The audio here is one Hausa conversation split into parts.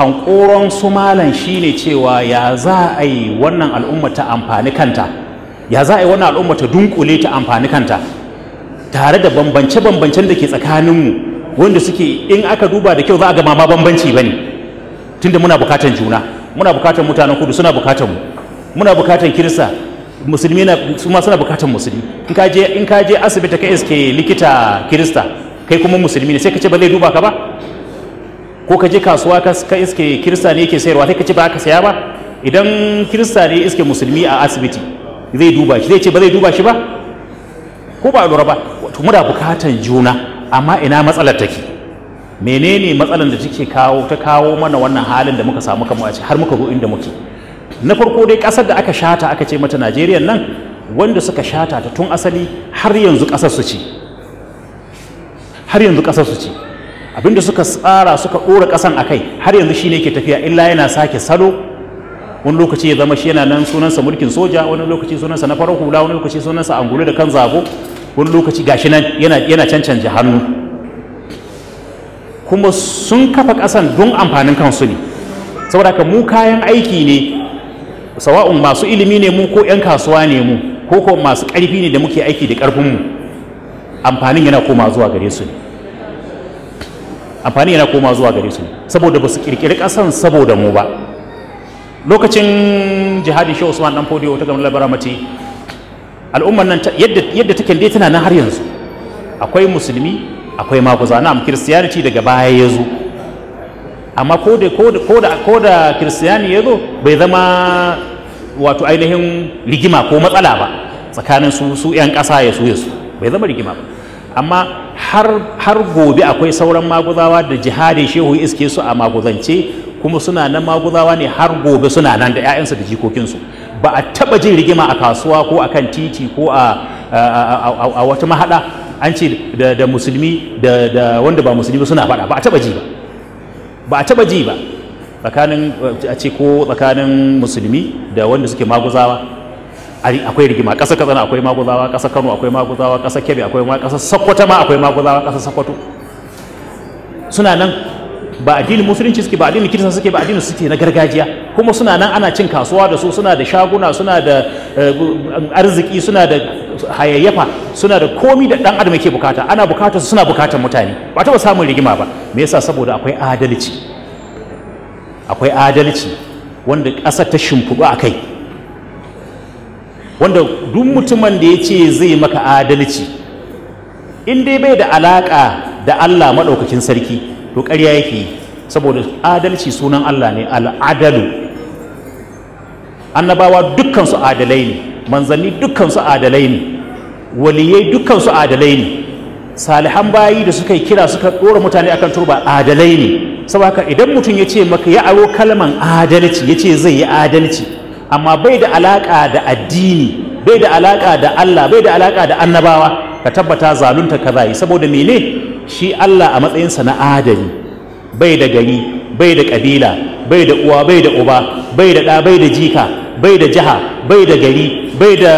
hankoron su malan shine cewa ya za a yi wannan al'umma ta amfani kanta ya za a yi wannan al'umma ta dunkule ta amfani kanta tare da bambance-bambancen da ke tsakaninmu wanda suke in aka duba da kyau za a ga ma bambanci ba ne tunda muna bukatan juna muna bukatan mutanen kudu suna bukatan mu muna bukatan kirista musulmi na su ma suna bukatan musulmi in ka je in ka je asibiti ka iske likita kirista kai kuma musulmi ne sai ka ce ba zai duba ka ba ko ka je kasuwa ka iske kirista ne yake sayarwa sai ka ce ba ka saya ba idan kirista ne iske musulmi a asibiti zai duba shi zai ce ba zai duba shi ba ko ba lura ba to muna bukatan juna amma ina matsalar take menene matsalar da take kawo ta kawo mana wannan halin da muka samu kamar a ce har muka zo inda muke na farko dai kasar da aka shata aka ce mata Najeriya nan wanda suka shata ta tun asali har yanzu kasar su ce har yanzu kasar su ce abinda suka tsara suka ɗora ƙasan a kai har yanzu shi ne ke tafiya illa yana sake salo wani lokaci ya zama shi yana nan sunansa mulkin soja wani lokaci sunansa na farar hula wani lokaci sunansa angulu da kan zago wani lokaci gashi nan yana yana hannu kuma sun kafa ƙasan don amfanin kansu ne saboda ka mu kayan aiki ne sawa'un masu ilimi ne mu ko 'yan kasuwa ne mu ko ko masu ƙarfi ne da muke aiki da ƙarfinmu amfanin yana koma zuwa gare su ne amfani yana koma zuwa gare su saboda ba su kirkiri kasan saboda mu ba lokacin jihadin shi usman dan fodiyo ta gamar labara mace al'ummar nan yadda yadda take tana nan har yanzu akwai musulmi akwai maguza na christianity daga baya ya zo amma ko da ko ya zo bai zama wato ainihin rigima ko matsala ba tsakanin su 'yan ƙasa ya su ya su bai zama rigima ba amma har gobe akwai sauran maguzawa da jihadin shehu iske su a maguzance kuma suna nan maguzawa ne har gobe suna nan da 'ya'yansu da jikokinsu ba a taba jin rigima a kasuwa ko a kan titi ko a wata mahada an ce da musulmi da wanda ba musulmi suna faɗa ba a taba ji ba ba a taba ji ba tsakanin a ce ko tsakanin musulmi da wanda suke maguzawa akwai rigima ƙasar katsina akwai maguzawa ƙasar kano akwai maguzawa ƙasar kebe akwai ma ƙasar sokoto ma akwai maguzawa ƙasar sokoto suna nan ba addinin musulunci suke ba addinin kirista suke ba addinin suke na gargajiya kuma suna nan ana cin kasuwa da su suna da shaguna suna da eh, arziki suna da hayayyafa suna da komi da dan adam yake bukata ana bukatar suna bukatar mutane ba taɓa samun rigima ba me yasa saboda akwai adalci akwai adalci wanda ƙasar ta shimfiɗu a kai wanda duk mutumin da ya ce zai maka adalci in dai bai da alaƙa da Allah maɗaukakin sarki to ƙarya yake yi saboda adalci sunan Allah ne al'adalu annabawa dukkansu adalai ne manzanni dukkansu adalai ne waliyai dukkansu adalai ne salihan bayi da suka yi kira suka ɗora mutane akan turba adalai ne saboda idan mutum ya ce maka ya aro kalman adalci ya ce zai yi adalci amma bai da alaƙa da addini bai da alaƙa da Allah bai da alaƙa da annabawa ka tabbata zalunta ka zai saboda mene shi Allah a matsayinsa na adali bai da gari bai da ƙabila bai da uwa bai da uba bai da ɗa bai da jika bai da jiha bai da gari bai da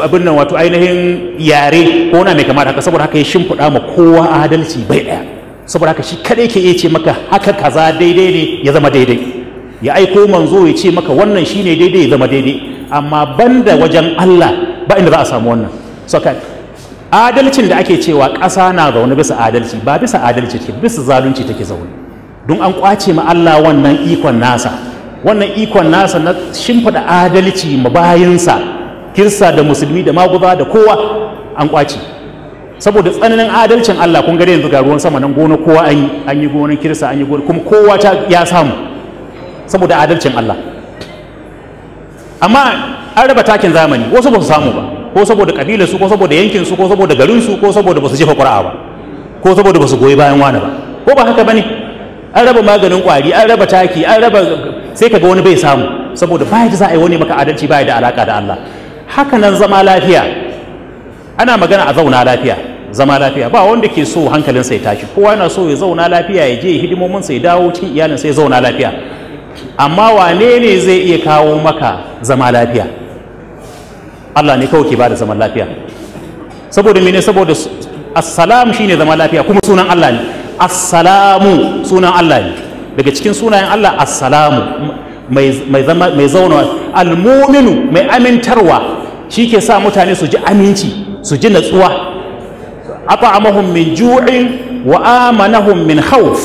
abin nan wato ainihin yare ko na mai kamar haka saboda haka ya shimfiɗa ma kowa adalci bai ɗaya saboda haka shi kaɗai ke iya ce maka haka kaza daidai ne ya zama daidai ya aiko manzo ya ce maka wannan shine daidai ya zama daidai amma banda wajen Allah ba inda za a samu wannan saka adalcin da ake cewa ƙasa na zaune bisa adalci ba bisa adalci take bisa zalunci take zaune don an kwace ma Allah wannan ikon nasa wannan ikon nasa na shimfiɗa adalci ma bayinsa kirsa da musulmi da maguba da kowa an kwace saboda tsananin adalcin Allah kun ga yanzu ga ruwan sama nan gona kowa an yi gonan kirsa an yi gona kuma kowa ya samu saboda adalcin Allah amma an raba takin zamani wasu ba su samu ba ko saboda kabilar su ko saboda yankin su ko saboda garin su ko saboda ba su jefa ƙura'a ba ko saboda ba su goyi bayan wani ba ko ba haka bane an raba maganin kwari an raba taki an raba sai kaga wani bai samu saboda ba yadda za a yi wani maka adalci ba da alaka da Allah haka nan zama lafiya ana magana a zauna lafiya zama lafiya ba wanda ke so hankalinsa ya tashi kowa yana so ya zauna lafiya ya je hidimomin sa ya dawo cikin iyalinsa ya zauna lafiya amma wane ne zai iya kawo maka zama lafiya Allah ne kawai ke ba da zaman lafiya saboda mene saboda shi shine zama lafiya kuma sunan Allah ne assalamu sunan Allah ne daga cikin sunayen Allah assalamu mai zauna almuminu mai amintarwa shi ke sa mutane su ji aminci su ji natsuwa ata'amahum min ju'in wa amanahum min khawf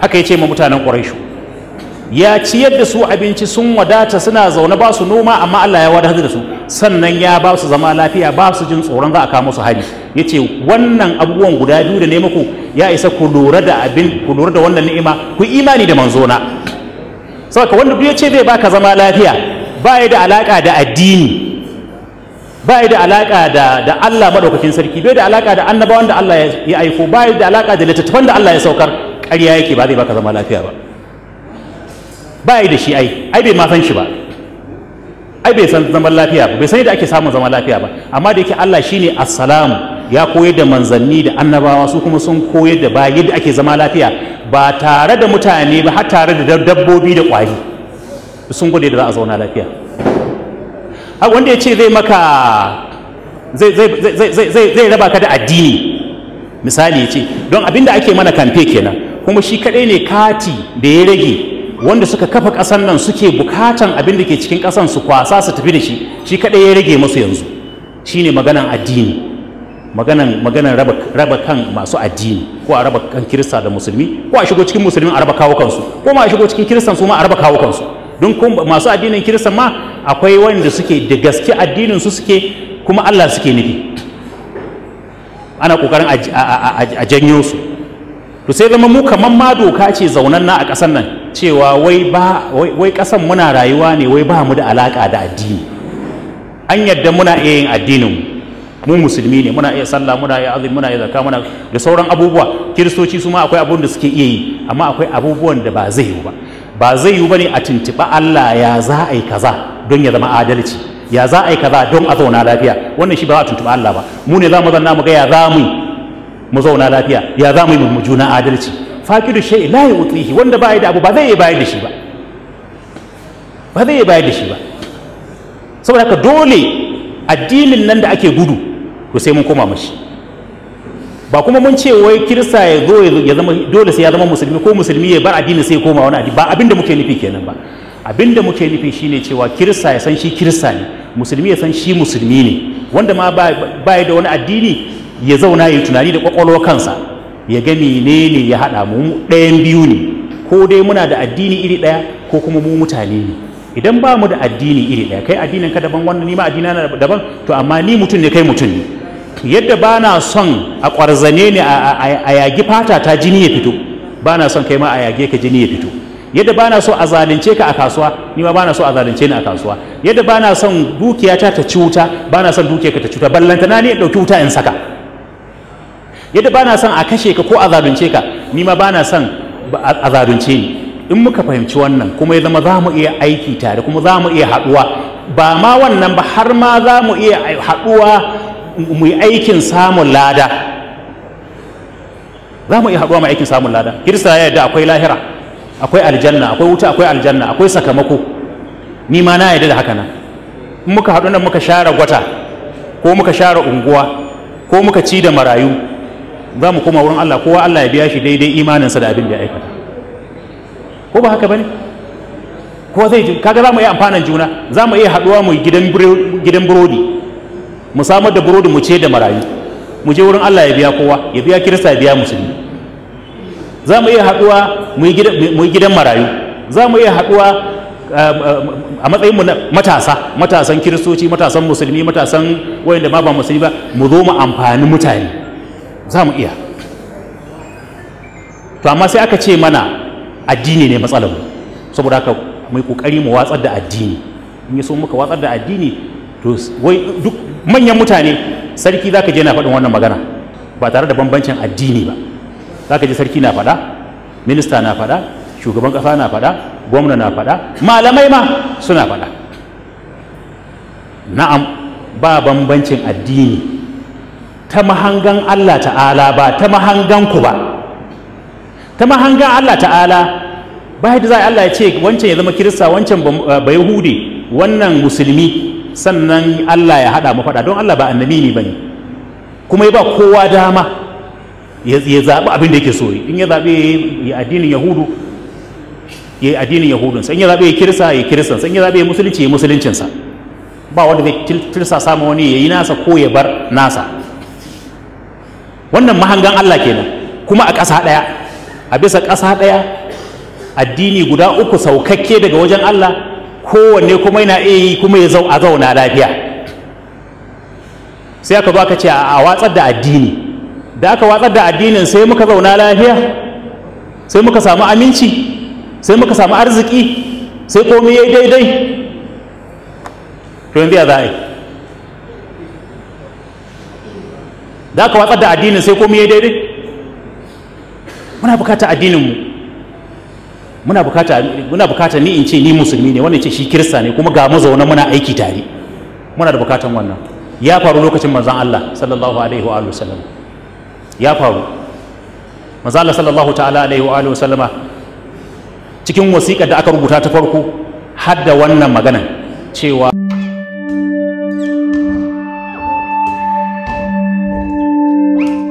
haka yace ma mutanen quraishu ya ciyar da su abinci sun wadata suna zaune ba su noma amma Allah ya wadatar da su sannan ya ba su zama lafiya ba su jin tsoron za a kawo musu hari ce wannan abubuwan guda biyu da nemako muku ya isa ku lura da abin ku lura da wannan ni'ima ku imani da manzona saboda wanda duk ce zai baka zama lafiya ba ya da alaka da addini ba ya da alaka da da Allah madaukakin sarki bai da alaka da annabawan da Allah ya aiko ba ya da alaka da littattafan da Allah ya saukar ƙarya yake ba zai baka zama lafiya ba ba yi da shi ai ai bai ma san shi ba ai bai san zaman lafiya ba bai san yadda ake samun zaman lafiya ba amma da yake Allah shi ne assalamu ya koyar da manzanni da annabawa su kuma sun koyar da ba yadda ake zama lafiya ba tare da mutane ba har tare da dabbobi da ƙwari sun gode da za a zauna lafiya wanda ya ce zai maka zai raba ka da addini misali ya ce don da ake mana kamfe kenan kuma shi kaɗai ne kati da ya rage wanda suka kafa ƙasan nan suke bukatan abin da ke cikin ƙasan su kwasa su tafi da shi shi kaɗai ya rage musu yanzu shine maganan addini maganan maganan raba raba kan masu addini ko a raba kan kirista da musulmi ko a shigo cikin musulmi a raba kawo kansu ko ma a shigo cikin kiristan su ma a raba kawo kansu don masu addinin kirista ma akwai wanda suke da gaske addinin su suke kuma Allah suke nufi ana kokarin a janyo su to sai zama mu kaman ma doka ce zaunan na a ƙasar nan cewa wai ba wai kasan muna rayuwa ne wai ba mu da alaka da addini an yadda muna iya yin addinin mu musulmi ne muna iya sallah muna iya azumi muna iya zakka muna da sauran abubuwa kiristoci su ma akwai abun da suke iya yi amma akwai abubuwan da ba zai yi ba ba zai yi ba ne a tuntuɓi Allah ya za a yi kaza don ya zama adalci ya za a yi kaza don a zauna lafiya wannan shi ba a tuntuɓi Allah ba mu ne za mu zanna mu ga ya za mu mu zauna lafiya ya za mu yi mu juna adalci faƙidu shay'i la utrihi wanda ba da abu ba zai iya bayar da shi ba ba zai iya bayar da shi ba saboda haka dole addinin nan da ake gudu to sai mun koma mashi ba kuma mun ce wai kirista ya zo ya zama dole sai ya zama musulmi ko musulmi ya bar addini sai ya koma wani addini ba abin da muke nufi kenan ba abin da muke nufi shine cewa kirista ya san shi kirista ne musulmi ya san shi musulmi ne wanda ma ba da wani addini ya zauna ya tunani da kwakwalwa kansa ya ga menene ya haɗa mu dayan biyu ne ko dai muna da addini iri daya ko kuma mu mutane ne idan ba mu da addini iri ɗaya kai addinin ka daban wannan ni ma addina na daban to amma ni mutum ne kai mutum ne yadda ba na son a kwarzane ne a yagi fata ta jini ya fito ba na son kai ma a yage ka jini ya fito yadda ba na so a zalunce ka a kasuwa ni ma ba na so a zalunce ni a kasuwa yadda ba na son dukiyata ta ci wuta ba na son dukiyarka ta ci wuta ballantana ne ya ɗauki wuta in saka yadda ba na son a kashe ka ko a zalunce ka ni ma ba na son a zalunce ni in muka fahimci wannan kuma ya zama za mu iya aiki tare kuma za mu iya haɗuwa ba ma wannan ba har ma za mu iya haɗuwa mu aikin samun lada za mu iya haɗuwa mu aikin samun lada kirista ya yarda akwai lahira akwai aljanna akwai wuta akwai aljanna akwai sakamako ni ma na yarda da haka nan in muka haɗu nan muka share gwata ko muka share unguwa ko muka ci da marayu za mu koma wurin Allah kowa Allah ya biya shi daidai imaninsa da abin da ya aikata ko ba haka bane kowa zai ji kaga za mu iya amfanan juna za mu iya haɗuwa mu gidan burodi mu samar da burodi mu ce da marayu mu je wurin Allah ya biya kowa ya biya kirista ya biya musulmi za mu iya haɗuwa mu yi gidan marayu za mu iya haɗuwa eh, eh, a matsayinmu na matasa matasan kiristoci matasan musulmi matasan wayanda ma ba musulmi ba mu zo mu amfani mutane za mu iya to amma sai aka ce mana addini ne matsalar mu saboda haka mai kokari mu watsar da addini in so muka watsar da addini to wai duk manyan mutane sarki za ka je na faɗin wannan magana ba tare da bambancin addini ba za ka je sarki na faɗa minista na faɗa shugaban ƙasa na faɗa gwamna na faɗa malamai ma suna faɗa na'am ba bambancin addini ta mahangan Allah ta'ala ba ta mahangan ku ba ta mahangan Allah ta'ala ba yadda za Allah ya ce wancan ya zama kirista wancan ba eh, yahudi wannan musulmi sannan Allah ya haɗa mafaɗa don Allah ba annabi ne bane kuma ya ba kowa dama ya zaɓi abin da yake so in ya zaɓi ya addinin yahudu ya addinin yahudunsa in ya zaɓi ya kirista ya kiristansa in ya zaɓi ya musulunci ya musuluncinsa ba wanda zai tilsa samu wani ya yi nasa ko ya bar nasa wannan mahangan Allah kenan kuma a ƙasa ɗaya a bisa ƙasa ɗaya addini guda uku saukakke daga wajen Allah kowanne kuma yana iya yi kuma ya zau a zauna lafiya sai aka zo aka ce a watsar da addini da aka watsar da addinin sai muka zauna lafiya sai muka samu aminci sai muka samu arziki sai komai yi daidai to yanzu ya za yi da aka watsar da addinin sai komi ya daidai muna bukata addininmu muna bukata ni in ce ni musulmi ne wannan ce shi kirista ne kuma ga mazauna muna aiki tare muna da bukatan wannan ya faru lokacin mazan Allah sallallahu alaihi wa sallam ya faru manzon Allah sallallahu ta'ala alaihi wa sallama cikin wasiƙar da aka rubuta ta farko hadda wannan magana cewa